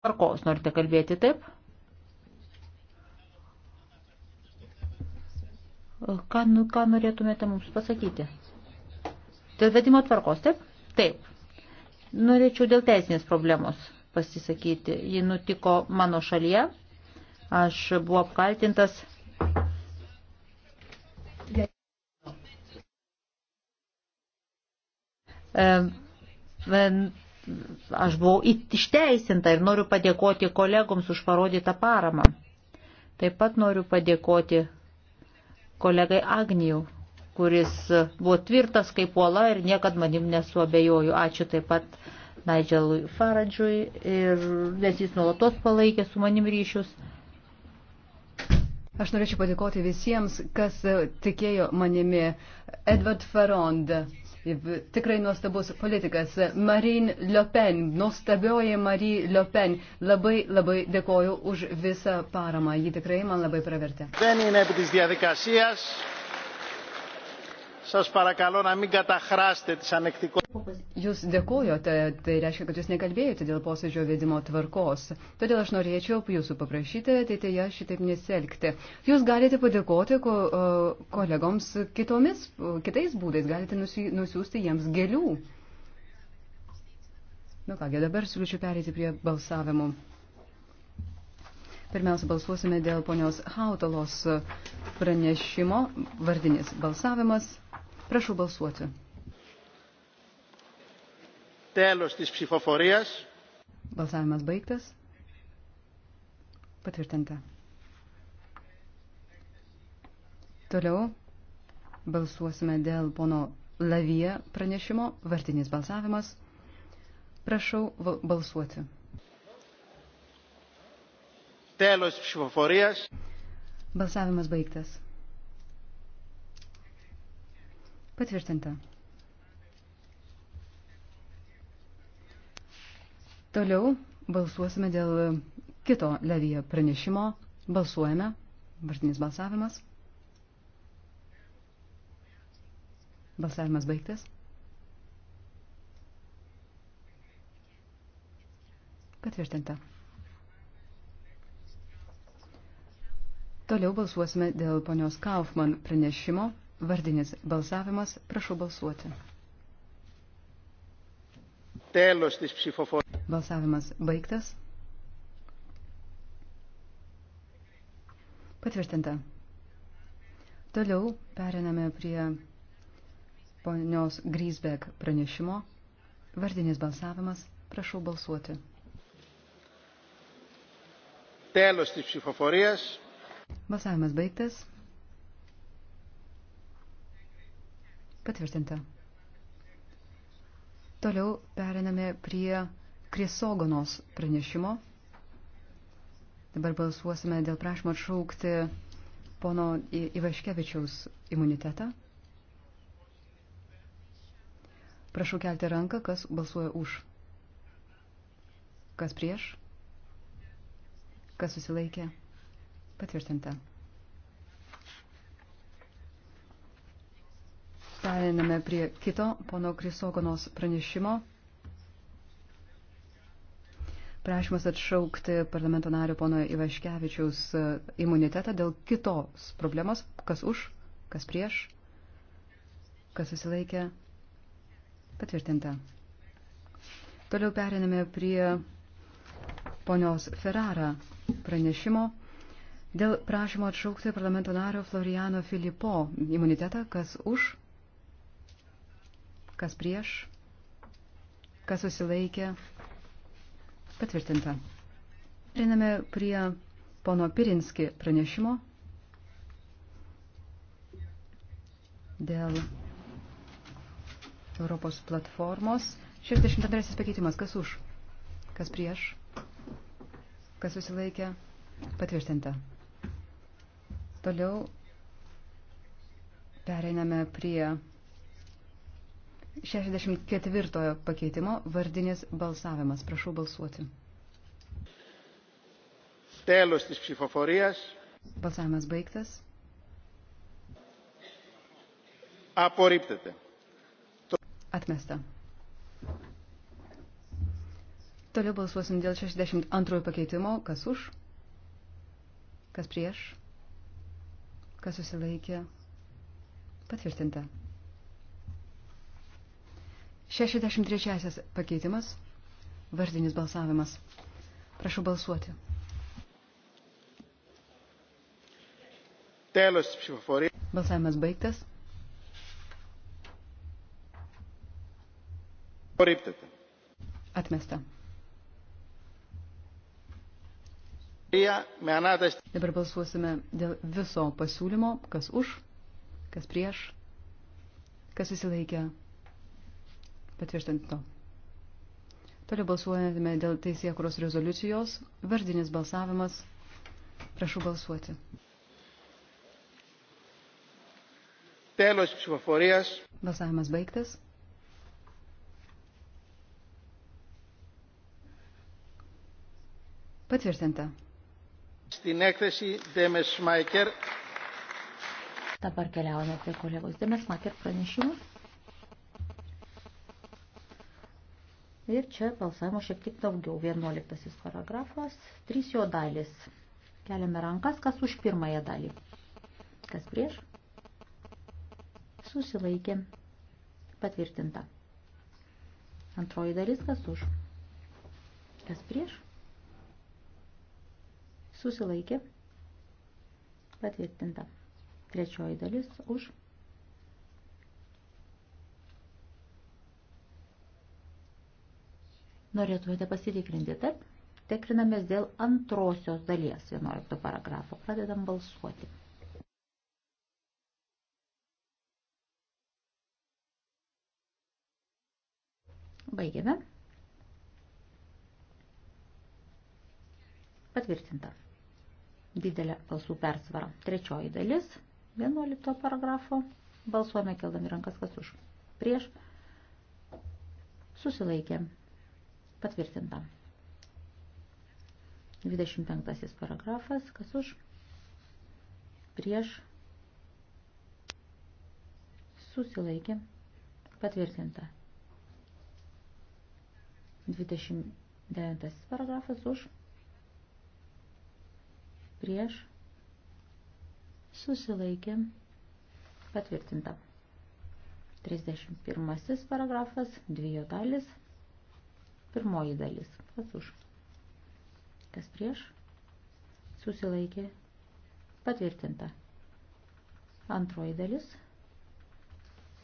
tvarkos. Norite kalbėti taip? Ką, nu, ką norėtumėte mums pasakyti? Dėl vedimo tvarkos, taip? Taip. Norėčiau dėl teisinės problemos pasisakyti. Ji nutiko mano šalyje. Aš buvau apkaltintas. Um, Aš buvau išteisinta ir noriu padėkoti kolegoms už parodytą paramą. Taip pat noriu padėkoti kolegai Agnijų, kuris buvo tvirtas kaip uola ir niekad manim nesuabejoju. Ačiū taip pat Nigelui Faradžiui, ir, nes jis nuolatos palaikė su manim ryšius. Aš norėčiau padėkoti visiems, kas tikėjo manimi. Edward Ferond tikrai nuostabus politikas Marine Le Pen, nuostabioji Marie Le Pen. Labai labai dėkoju už visą paramą. Ji tikrai man labai pravertė. Σας παρακαλώ να μην καταχράσετε τις ανεκτικότητες. Jūs dėkojote, tai reiškia, kad jūs nekalbėjote dėl posėdžio vedimo tvarkos. Todėl aš norėčiau jūsų paprašyti ateityje šitaip nesielgti. Jūs galite padėkoti ko, kolegoms kitomis, kitais būdais, galite nusi, nusiųsti jiems gėlių. Nu kągi, dabar siūlyčiau perėti prie balsavimo. Pirmiausia, balsuosime dėl ponios Hautalos pranešimo vardinis balsavimas. Prašau balsuoti. Telos tis psichoforijas. Balsavimas baigtas. Patvirtinta. Toliau balsuosime dėl pono Lavija pranešimo. Vartinis balsavimas. Prašau balsuoti. Telos psichoforijas. Balsavimas baigtas. Patvirtinta. Toliau balsuosime dėl kito levyje pranešimo. Balsuojame. Vartinis balsavimas. Balsavimas baigtas. Patvirtinta. Toliau balsuosime dėl ponios Kaufman pranešimo. Vardinis balsavimas. Prašau balsuoti. Balsavimas baigtas. Patvirtinta. Toliau periname prie ponios Grisbek pranešimo. Vardinis balsavimas. Prašau balsuoti. Balsavimas baigtas. Patvirtinta. Toliau periname prie Krisogonos pranešimo. Dabar balsuosime dėl prašymo atšaukti pono Ivaškevičiaus imunitetą. Prašau kelti ranką, kas balsuoja už. Kas prieš? Kas susilaikė? Patvirtinta. Perėmėme prie kito pono Krisogonos pranešimo. Prašymas atšaukti parlamento nario pono Ivaškevičiaus e, imunitetą dėl kitos problemos, kas už, kas prieš, kas susilaikė, patvirtinta. Toliau perėmėme prie ponios Ferrara pranešimo dėl prašymo atšaukti parlamento nario Floriano Filipo imunitetą, kas už, Kas prieš? Kas susilaikė? Patvirtinta. Einame prie pono Pirinski pranešimo dėl Europos platformos. 62 pakeitimas. Kas už? Kas prieš? Kas susilaikė? Patvirtinta. Toliau pereiname prie 64 pakeitimo vardinis balsavimas. Prašau balsuoti. Τέλος της ψηφοφορίας. Balsavimas baigtas. Απορρίπτεται. Atmesta. Toliau balsuosim dėl 62 pakeitimo. Kas už? Kas prieš? Kas susilaikė? Patvirtinta. 63 pakeitimas. Vardinis balsavimas. Prašau balsuoti. Telos psichoforija. Balsavimas baigtas. Poriptėte. Atmesta. Dabar balsuosime dėl viso pasiūlymo, kas už, kas prieš, kas susilaikė Patvirtinto. Toliau balsuojame dėl teisėkuros rezoliucijos. Vardinis balsavimas. Prašau balsuoti. Telos psichoforijas. Balsavimas baigtas. Patvirtinta. Στην έκθεση Demesmaker. Dabar keliaujame prie kolegos Demesmaker pranešimų. Ir čia balsavimo šiek tiek daugiau. 11 paragrafas, 3 jo dalis. Keliame rankas, kas už pirmąją dalį. Kas prieš? Susilaikė. Patvirtinta. Antroji dalis, kas už. Kas prieš? Susilaikė. Patvirtinta. Trečioji dalis už. Norėtumėte pasitikrinti, taip? Tikrinamės dėl antrosios dalies 11 paragrafo. Pradedam balsuoti. Baigiame. Patvirtinta. Didelė balsų persvara. Trečioji dalis 11 paragrafo. Balsuojame keldami rankas, kas už. Prieš. Susilaikėm. Patvirtinta. 25 paragrafas. Kas už? Prieš. Susilaikė. Patvirtinta. 29 paragrafas už. Prieš. Susilaikė. Patvirtinta. 31 paragrafas. Dviejų dalis. Pirmoji dalis. Kas už? Kas prieš? Susilaikė. Patvirtinta. Antroji dalis.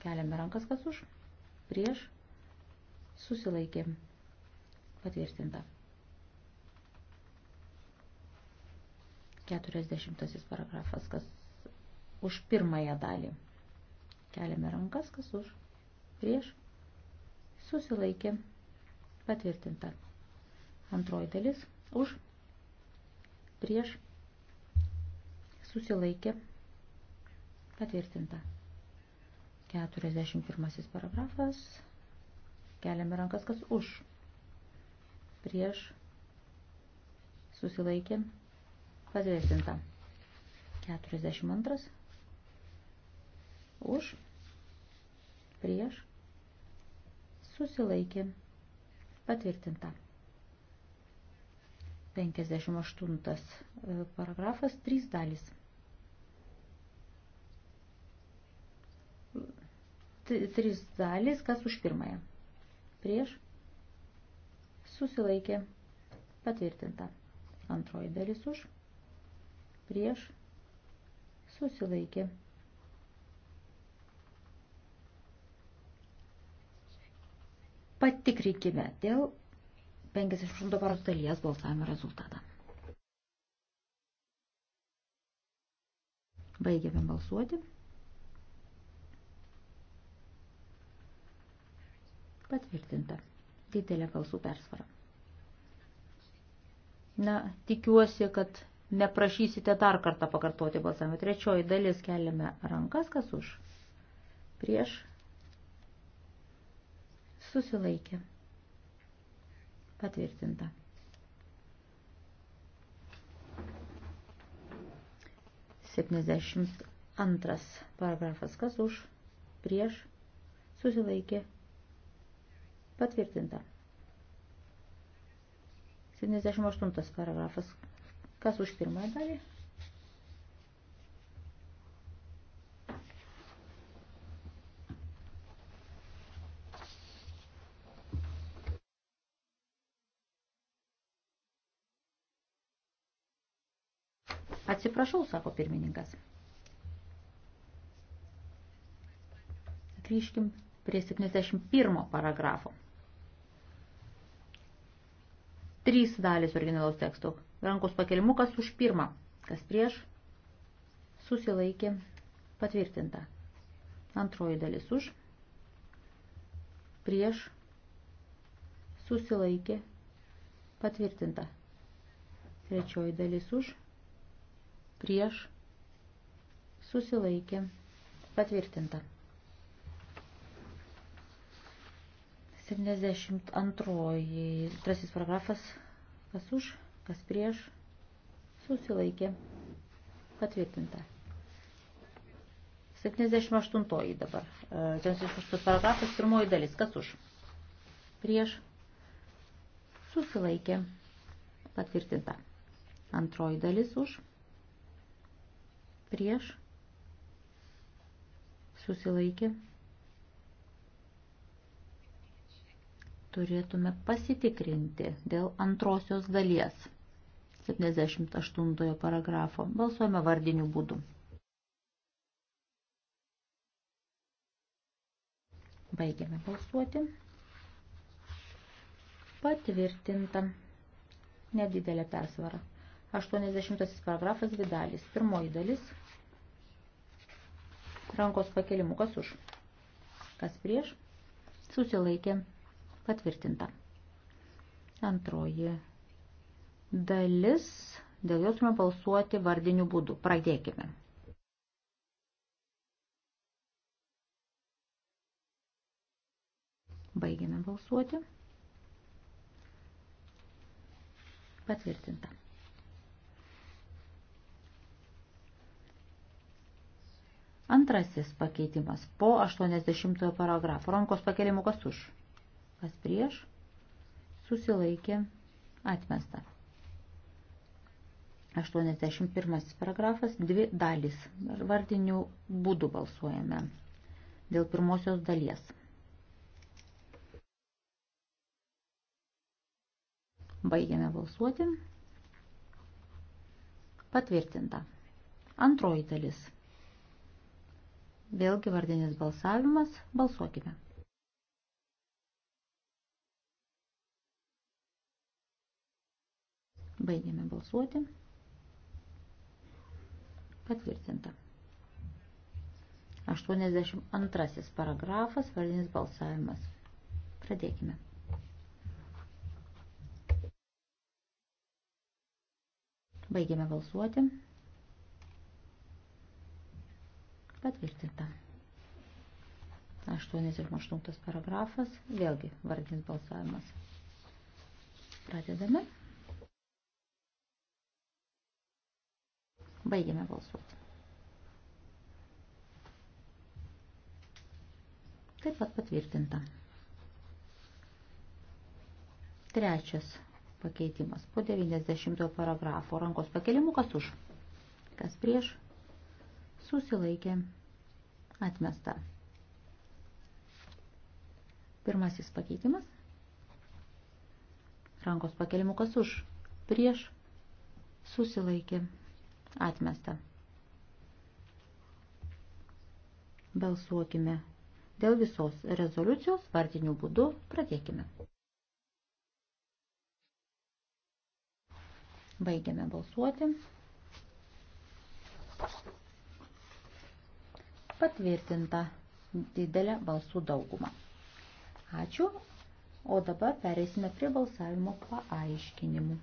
Keliame rankas kas už. Prieš. Susilaikė. Patvirtinta. 40 paragrafas, kas už pirmąją dalį. Keliame rankas, kas už, prieš, susilaikė, Patvirtinta. Antroji dalis. Už. Prieš. Susilaikė. Patvirtinta. 41 paragrafas. Keliame rankas, kas už. Prieš. Susilaikė. Patvirtinta. 42. Už. Prieš. Susilaikė. Patvirtinta. 58 e, paragrafas, 3 dalys. Tris dalys, kas už pirmąją. Prieš. Susilaikė. Patvirtinta. Antroji dalis už. Prieš. Susilaikė. Patikrinkime dėl 58 paros dalies balsavimo rezultatą. Baigiame balsuoti. Patvirtinta. Didelė balsų persvara. Na, tikiuosi, kad neprašysite dar kartą pakartoti balsavimą. Trečioji dalis keliame rankas, kas už. Prieš susilaikė, patvirtinta. Septyniasdešimt antras paragrafas, kas už, prieš, susilaikė, patvirtinta. 78 paragrafas, kas už pirmąją dalį, Atsiprašau, sako pirmininkas. Grįžkim prie 71 paragrafo. Trys dalys originalaus teksto. Rankos pakelimukas už pirmą. Kas prieš? Susilaikė. Patvirtinta. Antroji dalis už. Prieš. Susilaikė. Patvirtinta. Trečioji dalis už prieš, susilaikė, patvirtinta. 72. Trasis paragrafas, kas už, kas prieš, susilaikė, patvirtinta. 78 dabar. 78 e, paragrafas, pirmoji dalis, kas už, prieš, susilaikė, patvirtinta. Antroji dalis už, prieš, susilaikė. Turėtume pasitikrinti dėl antrosios dalies 78 paragrafo. Balsuojame vardiniu būdu. Baigiame balsuoti. Patvirtinta nedidelė persvara. 80 paragrafas vidalis. Pirmoji dalis. Rankos pakelimu. Kas už? Kas prieš? Susilaikė. Patvirtinta. Antroji dalis. Dėl jos turime balsuoti vardiniu būdu. Pradėkime. Baigiame balsuoti. Patvirtinta. Antrasis pakeitimas po 80 paragrafo. Rankos pakelimų kas už? Kas prieš? Susilaikė. Atmesta. 81 paragrafas. Dvi dalis. Vardinių būdų balsuojame. Dėl pirmosios dalies. Baigiame balsuoti. Patvirtinta. Antroji dalis. Vėlgi vardinis balsavimas. Balsuokime. Baigėme balsuoti. Patvirtinta. 82 paragrafas, vardinis balsavimas. Pradėkime. Baigėme balsuoti. Patvirtinta. 88 paragrafas, vėlgi vardinis balsavimas. Pradedame. Baigiame balsuoti. Taip pat patvirtinta. Trečias pakeitimas. Po 90 paragrafo rankos pakelimu, kas už? Kas prieš? susilaikė atmesta. Pirmasis pakeitimas. Rankos pakelimu kas už, prieš, susilaikė atmesta. Balsuokime dėl visos rezoliucijos vardinių būdų pradėkime. Baigiame balsuoti. patvirtinta didelė balsų dauguma. Ačiū, o dabar pereisime prie balsavimo paaiškinimų.